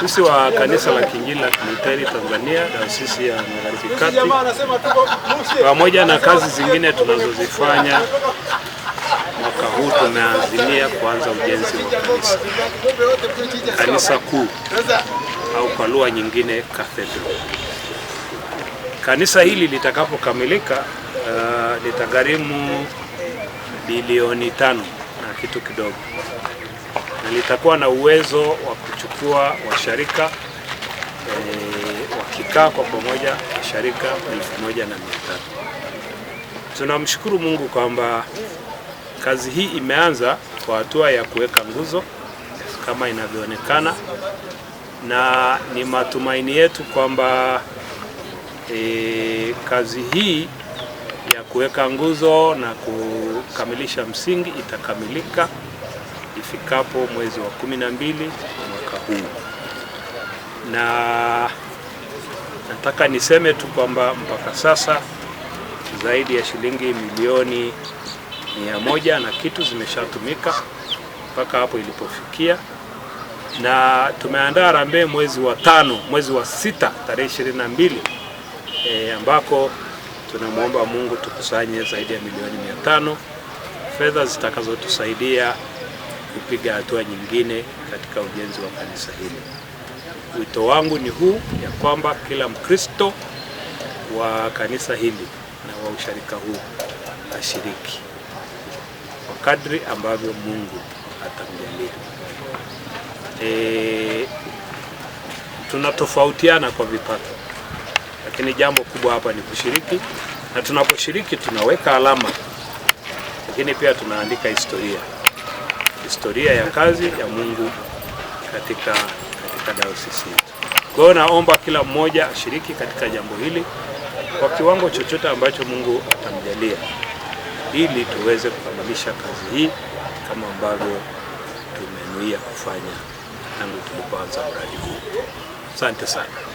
Sisi wa kanisa la Kiinjili Kilutheri Tanzania Dayosisi ya Magharibi Kati, pamoja na kazi zingine tunazozifanya, mwaka huu tumeazimia kuanza ujenzi wa kanisa kanisa kuu au kwa lugha nyingine cathedral. Kanisa hili litakapokamilika, uh, litagharimu bilioni tano na kitu kidogo na litakuwa na uwezo wa kuchukua washirika e, eh, wakikaa kwa pamoja washirika elfu moja na mia tatu. Tunamshukuru Mungu kwamba kazi hii imeanza kwa hatua ya kuweka nguzo kama inavyoonekana, na ni matumaini yetu kwamba e, kazi hii ya kuweka nguzo na kukamilisha msingi itakamilika ifikapo mwezi wa kumi na mbili mwaka huu, na nataka niseme tu kwamba mpaka sasa zaidi ya shilingi milioni mia moja na kitu zimeshatumika mpaka hapo ilipofikia, na tumeandaa rambe mwezi wa tano, mwezi wa sita tarehe ishirini na mbili e, ambako tunamwomba Mungu tukusanye zaidi ya milioni mia tano fedha zitakazotusaidia kupiga hatua nyingine katika ujenzi wa kanisa hili. Wito wangu ni huu ya kwamba kila Mkristo wa kanisa hili na wa usharika huu ashiriki kwa kadri ambavyo Mungu atamjalia. E, tunatofautiana kwa vipato, lakini jambo kubwa hapa ni kushiriki, na tunaposhiriki tunaweka alama, lakini pia tunaandika historia historia ya kazi ya Mungu katika, katika dayosisi yetu. Kwa hiyo naomba kila mmoja ashiriki katika jambo hili kwa kiwango chochote ambacho Mungu atamjalia ili tuweze kukamilisha kazi hii kama ambavyo tumenuia kufanya tangu tulipoanza mradi huu. Asante sana.